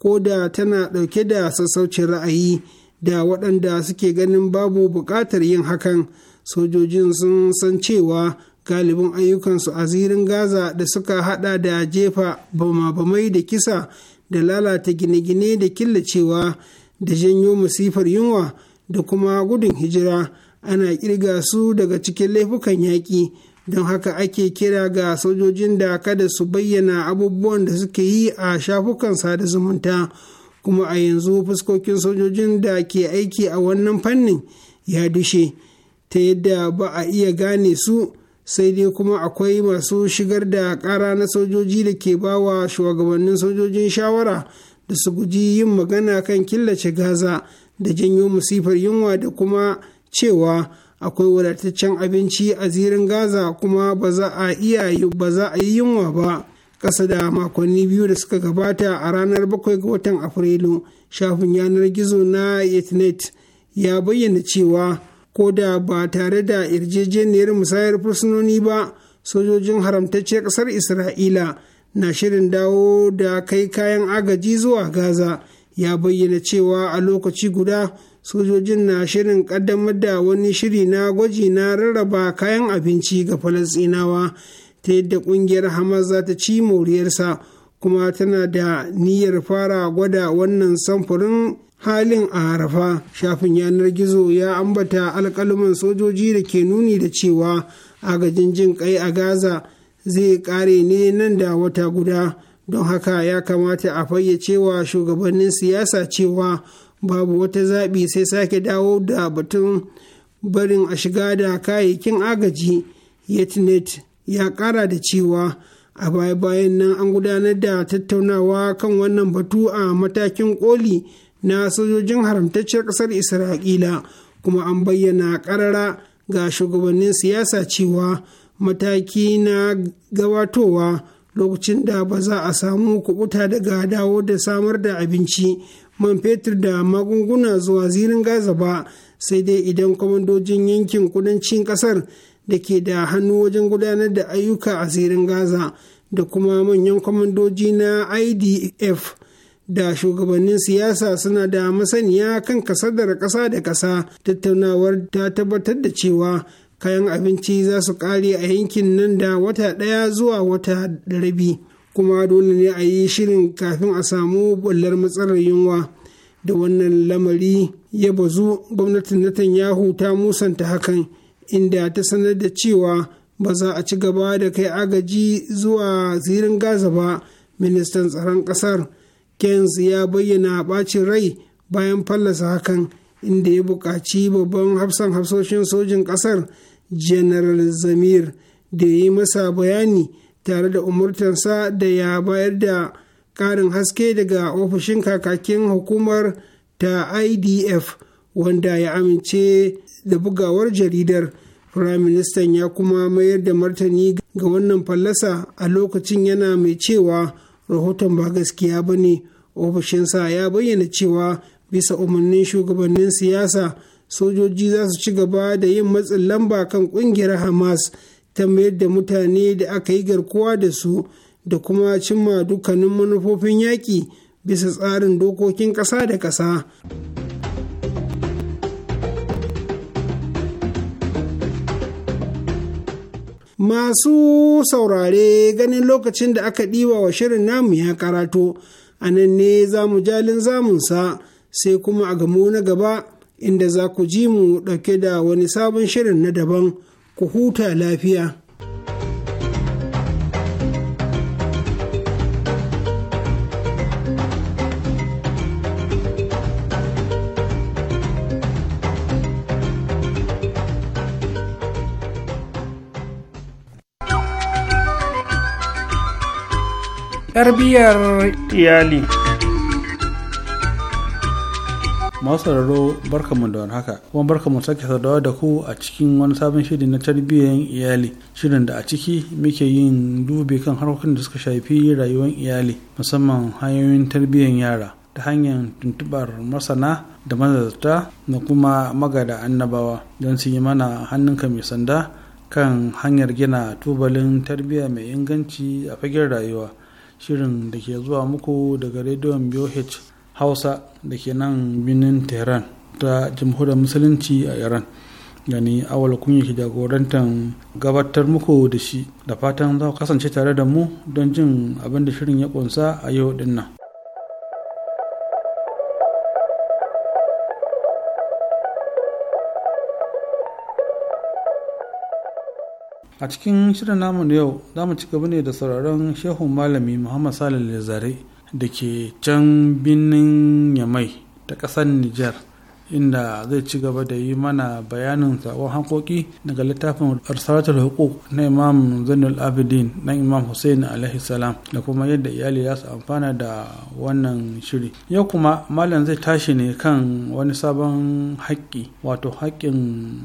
ko da tana ɗauke da sassaucin ra'ayi da waɗanda suke ganin babu buƙatar yin hakan sojojin sun san cewa galibin ayyukansu a zirin gaza da suka hada da jefa bama-bamai da kisa da lalata gine-gine da killacewa da janyo masifar yunwa da kuma gudun hijira ana kirga su daga cikin laifukan yaƙi don haka ake kira ga sojojin da kada su bayyana abubuwan da suke yi a shafukan sada zumunta kuma a yanzu fuskokin sojojin da ke aiki a wannan fannin ya dushe ta yadda ba a iya gane su sai dai kuma akwai masu shigar da kara na sojoji da ke bawa shugabannin sojojin shawara da su guji yin magana kan killace gaza da janyo musifar yunwa da kuma cewa akwai wadataccen abinci a zirin gaza kuma ba za a yi yunwa ba ƙasa da makonni biyu da suka gabata a ranar 7 ga watan afrilu shafin yanar gizo na etnet ya bayyana cewa ko da ba tare da yarjejeniyar musayar fursunoni ba sojojin haramtacciyar ƙasar isra'ila na shirin dawo da kai kayan agaji zuwa gaza ya bayyana cewa a lokaci guda sojojin na shirin ƙaddamar da wani shiri na gwaji na rarraba kayan abinci ga falasinawa ta yadda ƙungiyar hamas za ta ci moriyarsa kuma tana da niyyar fara gwada wannan samfurin halin a harafa shafin yanar gizo ya ambata alkaluman sojoji da ke nuni da cewa agajin jin kai a gaza zai kare ne nan da wata guda don haka ya kamata a fayyacewa shugabannin siyasa cewa babu wata zaɓi sai sake dawo da batun barin a shiga da kayayyakin agaji yetnet ya ƙara da cewa a baya-bayan nan an gudanar da tattaunawa kan wannan batu a matakin koli na sojojin haramtacciyar ƙasar isra'ila kuma an bayyana ƙarara ga shugabannin siyasa cewa mataki na gabatowa lokacin da ba za a samu kubuta daga dawo da samar da abinci man fetur da magunguna zuwa zirin gaza ba sai dai idan kwamandojin yankin kudancin kasar da ke da hannu wajen gudanar da ayyuka a zirin gaza da kuma manyan kwamandoji na idf da shugabannin siyasa suna da masaniya kan kasadar ƙasa da ƙasa tattaunawar ta tabbatar da cewa kayan abinci za su ƙare a yankin nan da wata ɗaya zuwa wata da rabi kuma dole ne a yi shirin kafin a samu bullar matsalar yunwa da wannan lamari ya bazu gwamnatin yahu ta musanta hakan inda ta sanar da cewa ba za a ci gaba da kai agaji zuwa zirin gaza ba ministan tsaron ƙasar gens ya bayyana a ɓacin rai bayan fallasa hakan inda ya buƙaci babban hafsan hafsoshin sojin ƙasar general zamir da ya yi masa bayani tare da umurtansa da ya bayar da ƙarin haske daga ofishin kakakin hukumar ta idf wanda ya amince da bugawar jaridar firaministan ya kuma mayar da martani ga wannan fallasa a lokacin yana mai cewa rahoton ba gaskiya ba ne ofishinsa ya bayyana cewa bisa umarnin shugabannin siyasa sojoji za su ci gaba da yin matsin lamba kan kungiyar hamas ta mayar da mutane da aka yi garkuwa da su da kuma cimma dukkanin manufofin yaƙi bisa tsarin dokokin ƙasa da ƙasa. Masu saurare ganin lokacin da aka ɗiwa wa shirin namu ya karato, a nan ne za mu jalin zamunsa sai kuma a gamu na gaba inda za ku ji mu ɗauke da wani sabon shirin na daban, ku huta lafiya. tarbiyyar iyali masararo barkamu da haka kuma barkamu sake sadawa da ku a cikin wani sabon shiri na tarbiyyar iyali shirin da a ciki muke yin dubi kan harkokin da suka shafi rayuwar iyali musamman hanyoyin tarbiyyar yara ta hanyar tuntubar masana da mazarta na kuma magada annabawa don su yi mana hannunka mai sanda kan hanyar gina tubalin tarbiyya mai inganci a fagen rayuwa shirin da ke zuwa muku daga rediyon BOH Hausa da ke nan binin Tehran ta jamhuriyar musulunci a Iran. Gani awal kun yi jagorantar gabatar muku da shi da fatan za ku kasance tare da mu don jin abin da shirin ya kunsa a yau dinnan. a cikin shirin namu na yau za mu ci gaba ne da sauraron shehun malami muhammad salim zare da ke can birnin yamai ta ƙasar niger inda zai ci gaba da yi mana bayanin sabon hankoki daga littafin arsalatul hukuk na imam zainul abidin na imam hussein alaihi salam da kuma yadda iyali ya su amfana da wannan shiri yau kuma malam zai tashi ne kan wani sabon haƙƙi wato haƙƙin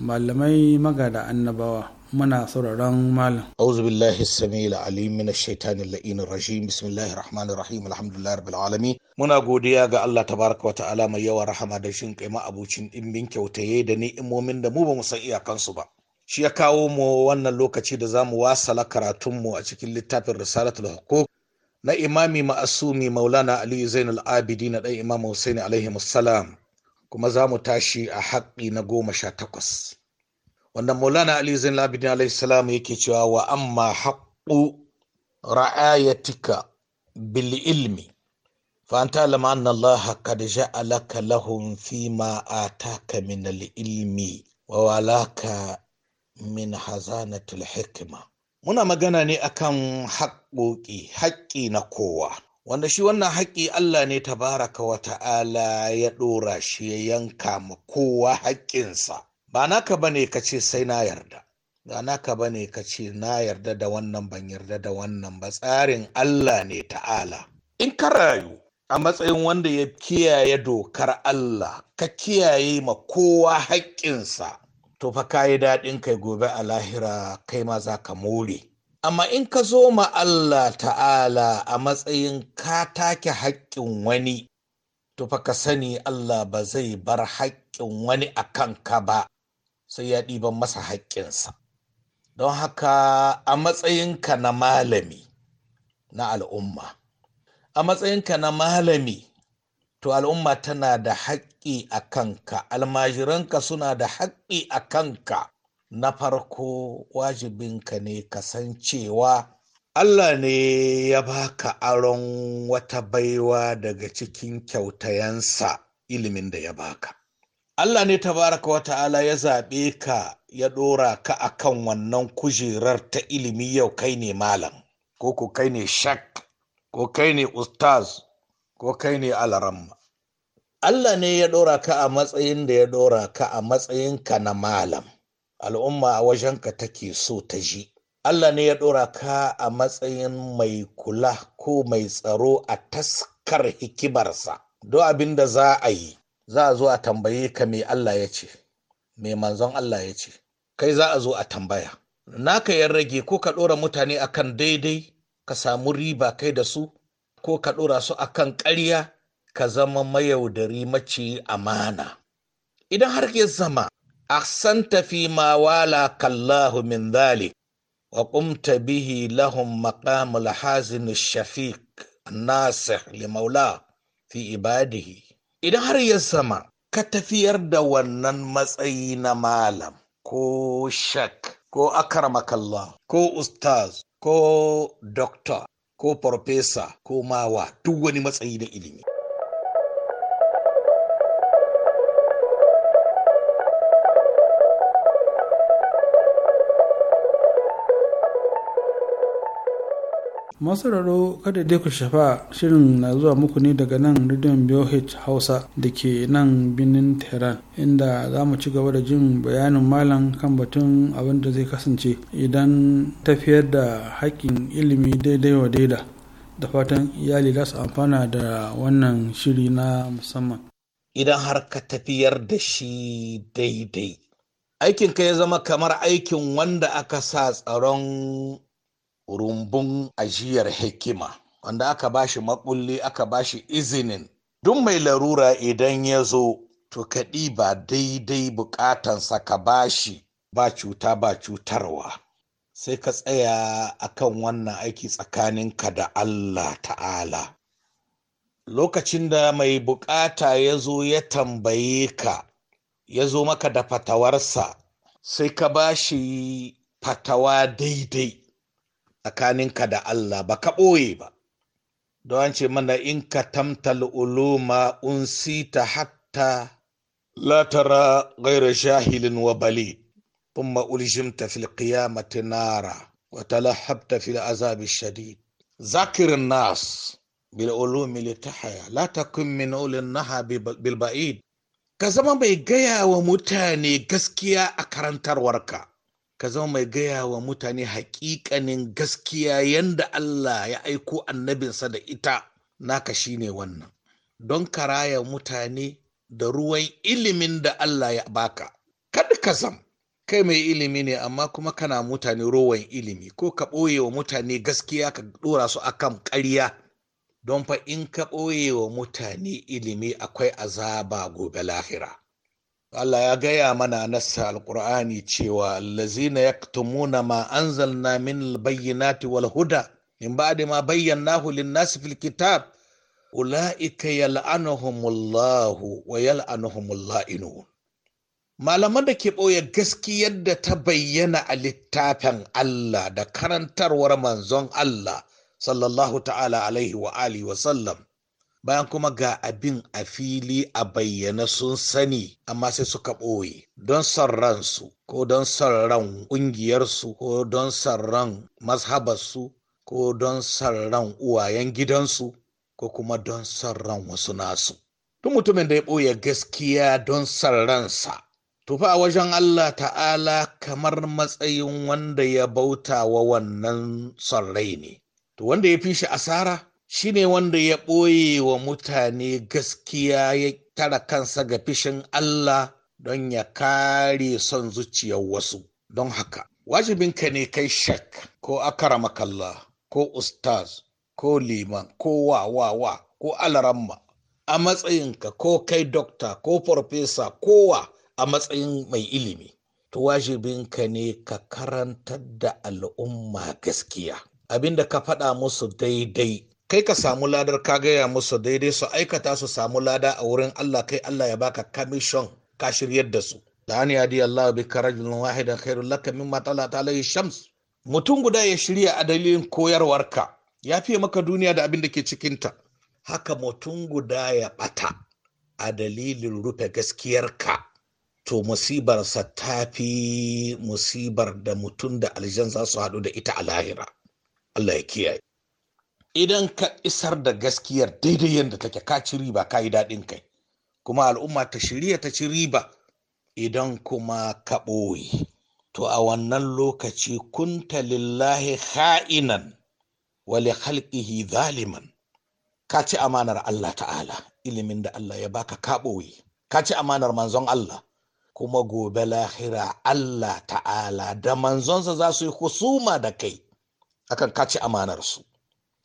malamai magada annabawa muna sauraron malam. Auzu billahi samil alim min ash al-la'in rajim rahim alhamdulillahi rabbil alamin muna godiya ga Allah tabaraka wa ta'ala mai yawa rahama da shin kai ma abucin dimbin kyautaye da ni'imomin da mu ba mu san iyakansu ba shi ya kawo mu wannan lokaci da zamu wasala karatun mu a cikin littafin risalatul huquq na imami ma'asumi maulana aliyu zainal abidi na ɗan imam husaini alaihi kuma za mu tashi a haƙƙi na goma sha takwas Wannan maulana ali zain labidin alaihi salam yake cewa wa amma haqqu ra'ayatika bil ilmi fa anta lam anna allah qad ja'alaka lahum fi ma ataka min al ilmi wa walaka min al hikma muna magana ne akan haƙƙoƙi haƙƙi na kowa wanda shi wannan haƙƙi Allah ne tabaraka wa ta'ala ya ɗora shi ya yanka ma kowa haƙƙinsa ba naka ne ka ce sai na yarda ba naka bane ka ce na yarda da wannan ban yarda da wannan ba tsarin Allah ne ta'ala in ka rayu a matsayin wanda ya kiyaye dokar Allah ka kiyaye ma kowa haƙƙinsa to fa ka yi daɗin kai gobe a lahira kai ma za ka more amma in ka zo ma Allah ta'ala a matsayin ka take haƙƙin wani to fa ka sani Allah ba zai bar haƙƙin wani a kanka ba sai ya ɗiban masa haƙƙinsa don haka a matsayinka na malami na al'umma a matsayinka na malami to al'umma tana da haƙƙi a kanka almajiranka suna da haƙƙi a kanka na farko wajibinka ne kasancewa Allah ne ya baka aron wata baiwa daga cikin kyautayensa ilimin da ya baka Allah ne tabaraka wa ta'ala ya zaɓe ka ya ɗora ka a kan wannan kujerar ta ilimi yau kai ne malam ko ku kai ne shak ko kai ne ustaz ko kai ne alaramma Allah ne ya ɗora ka a matsayin da ya ɗora ka a matsayin ka na malam al'umma a wajen ka take so ta ji Allah ne ya ɗora ka a matsayin mai kula ko mai tsaro a taskar hikimarsa. Do abin da za a yi, za a zo a tambaye ka me Allah ya ce me manzon Allah ya ce kai za a zo a tambaya naka yan rage ko ka ɗora mutane a kan daidai ka samu riba kai da su ko ka ɗora su a kan ƙarya ka zama mayaudari mace amana idan har ya zama ahsanta fi ma wala kallahu min dhalik wa qumta bihi lahum maqamul hazin shafiq nasih li maula fi ibadihi idan har ya sama ka tafiyar da wannan matsayi na malam ko shak ko akarmakallah ko ustaz ko doktor ko farfesa ko mawa duk wani matsayi na ilimi masararo kada dai ku shafa shirin na zuwa muku ne daga nan rediyon BOH Hausa da ke nan birnin Tehran inda za mu ci gaba da jin bayanin malam kan batun abin da zai kasance idan tafiyar da hakkin ilimi daidai wa daida da fatan iyali za su amfana da wannan shiri na musamman. Idan har ka tafiyar da shi daidai, ka ya zama kamar aikin wanda aka sa tsaron rumbun ajiyar hikima wanda aka ba shi makulli aka ba shi izinin duk mai larura idan ya zo to kaɗi ba daidai buƙatansa ka ba shi ba cuta ba cutarwa sai ka tsaya a kan wannan aiki tsakaninka da Allah ta'ala lokacin da mai bukata ya zo ya tambaye ka ya zo maka da fatawarsa sai ka ba shi fatawa daidai tsakaninka da Allah ba ka ɓoye ba don ce mana in ka tamtal uluma unsita hatta la tara shahilin wa bali thumma ta fil qiyamati nara wa talahabta fil azabi shadid Zakirin nas bil ulumi litahya la takun min ulin naha bil ba'id ka zama bai gaya wa mutane gaskiya a karantarwarka ka zama mai gaya wa mutane haƙiƙanin gaskiya yanda Allah ya aiko annabinsa da ita naka shine wannan don ka raya mutane da ruwan ilimin da Allah ya baka kada ka zam kai mai ilimi ne amma kuma kana mutane ruwan ilimi ko ka ɓoye wa mutane gaskiya ka ɗora su akan ƙarya don fa in ka ɓoye wa mutane ilimi akwai azaba gobe lahira Allah ya gaya mana nasa alkur'ani cewa allazina yaktumuna ma anzalna min albayyinati wal huda min ba'di ma bayyanahu lin-nasi fil kitab ula'ika yal'anuhumullahu wa yal'anuhumul malaman da ke ɓoye gaskiyar da ta bayyana a littafin Allah da karantarwar manzon Allah sallallahu ta'ala alaihi wa alihi wa sallam bayan kuma ga abin a fili a bayyana sun sani amma sai suka ɓoye don son ransu ko don son ran ƙungiyarsu ko don son ran mazhabarsu ko don son ran uwayen gidansu ko kuma don son ran wasu nasu tun mutumin da ya ɓoye gaskiya don son ransa tufa a wajen Allah ta'ala kamar matsayin wanda ya bauta wa wannan son rai ne to wanda ya fi shi asara Shi ne wanda ya ɓoye wa mutane gaskiya ya tara kansa ga fishin Allah don ya kare son zuciyar wasu don haka wajibinka ne kai shak ko akaramakalla ko ustaz ko liman ko wa-wa-wa ko alaramma a matsayinka ko kai dokta ko farfesa kowa a matsayin mai ilimi to wajibinka ne ka karantar da al'umma gaskiya abinda ka faɗa musu daidai kai ka samu ladar ka gaya musu daidai su aikata su samu lada a wurin Allah kai Allah ya baka kamishon ka shiryar da su da an yadi Allah bi karajulun wahida khairul laka mimma talat alayhi shams mutum guda ya shirya a dalilin ka. ya fiye maka duniya da abin da ke cikin ta. haka mutum guda ya bata a dalilin rufe gaskiyar ka. to musibarsa ta fi musibar da mutum da aljan za su haɗu da ita a lahira Allah ya kiyaye idan ka isar da gaskiyar daidai yadda take ka ci riba ka yi daɗin kai kuma al'umma ta shirya ta ci riba idan kuma ka ɓoye to a wannan lokaci kunta lillahi ha'inan wali halƙihi zaliman ka ci amanar Allah ta'ala ilimin da Allah ya baka ka ɓoye ka ci amanar manzon Allah kuma gobe lahira Allah ta'ala da manzonsa za su yi husuma da kai akan ka ci su.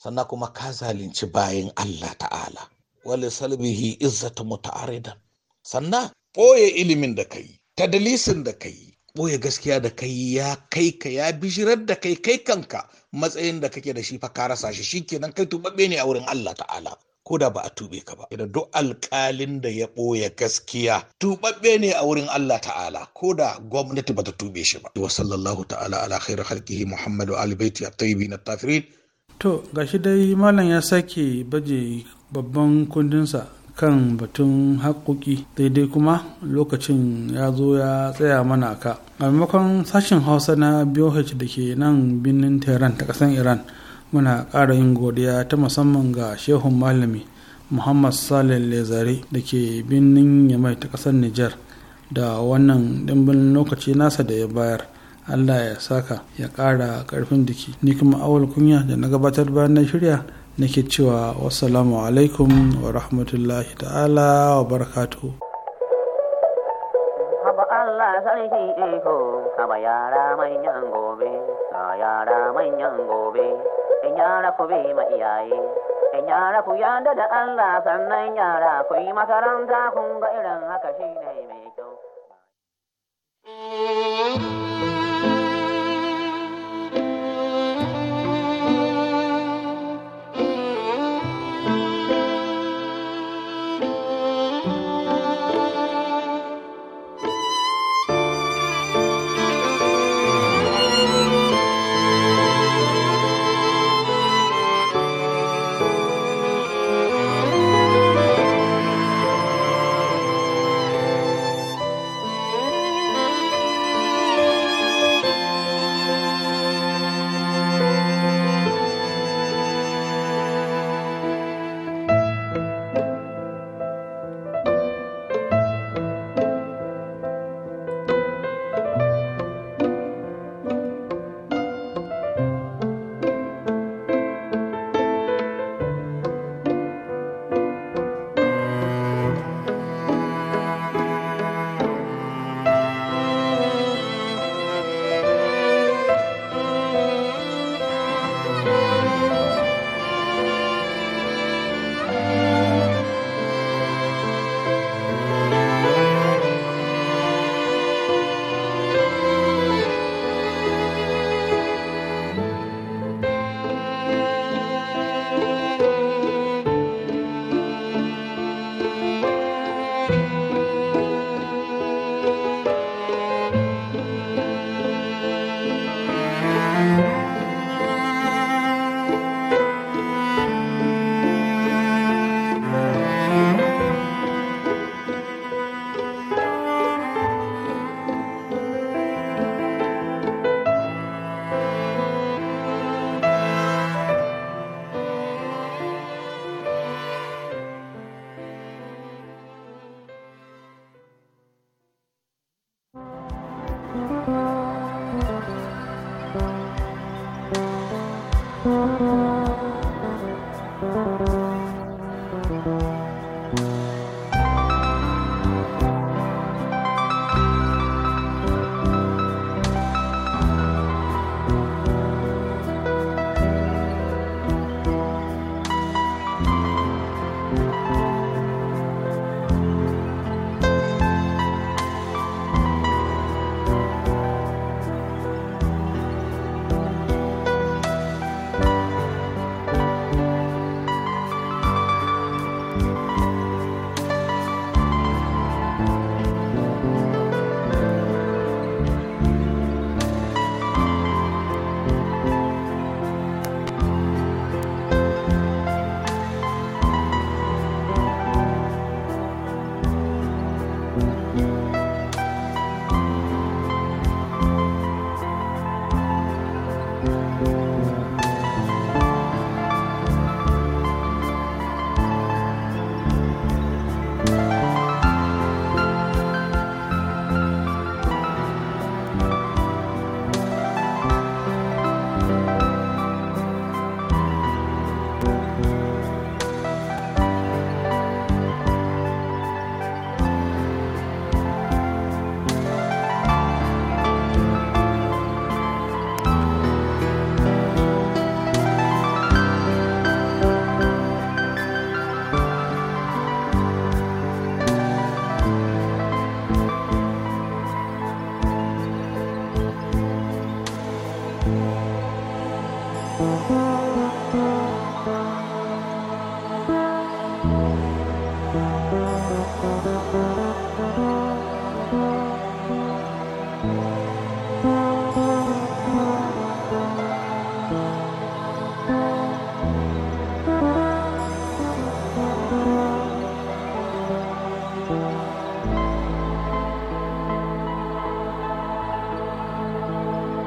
sannan kuma ka zalunci bayan Allah ta'ala wale salbihi izzatu muta'aridan sannan ɓoye ilimin da kai dalisin da kai ɓoye gaskiya da kai ya kai ka ya bishirar da kai kai kanka matsayin da kake da shi fa ka rasa shi shikenan kai tubabbe ne a wurin Allah ta'ala ko da ba a tube ka ba idan duk alƙalin da ya ɓoye gaskiya tubabbe ne a wurin Allah ta'ala ko da gwamnati ba ta tube shi ba wa sallallahu ta'ala ala khairu khalqihi muhammadu ali baiti at-tayyibin at-tafirin to shi dai malam ya sake baje babban kundinsa kan batun haƙoƙi daidai kuma lokacin ya zo ya tsaya mana ka a maimakon sashen hausa na boh da ke nan birnin tehran ta ƙasar iran muna ƙara yin godiya ta musamman ga shehun malami muhammad salih lezare da ke birnin yamai ta ƙasar niger da wannan dimbin lokaci nasa da ya bayar allah ya saka ya ƙara ƙarfin jiki ni kuma awal kunya da na gabatar bayan na shirya nake cewa wassalamu alaikum wa rahmatullahi ta'ala wa barakatuhu haba Allah sarki iko haba yara manyan gobe yara manyan gobe in yara ku bai ma iyaye in yara ku yada da Allah sannan yara ku yi makaranta kun ga irin haka shine mai kyau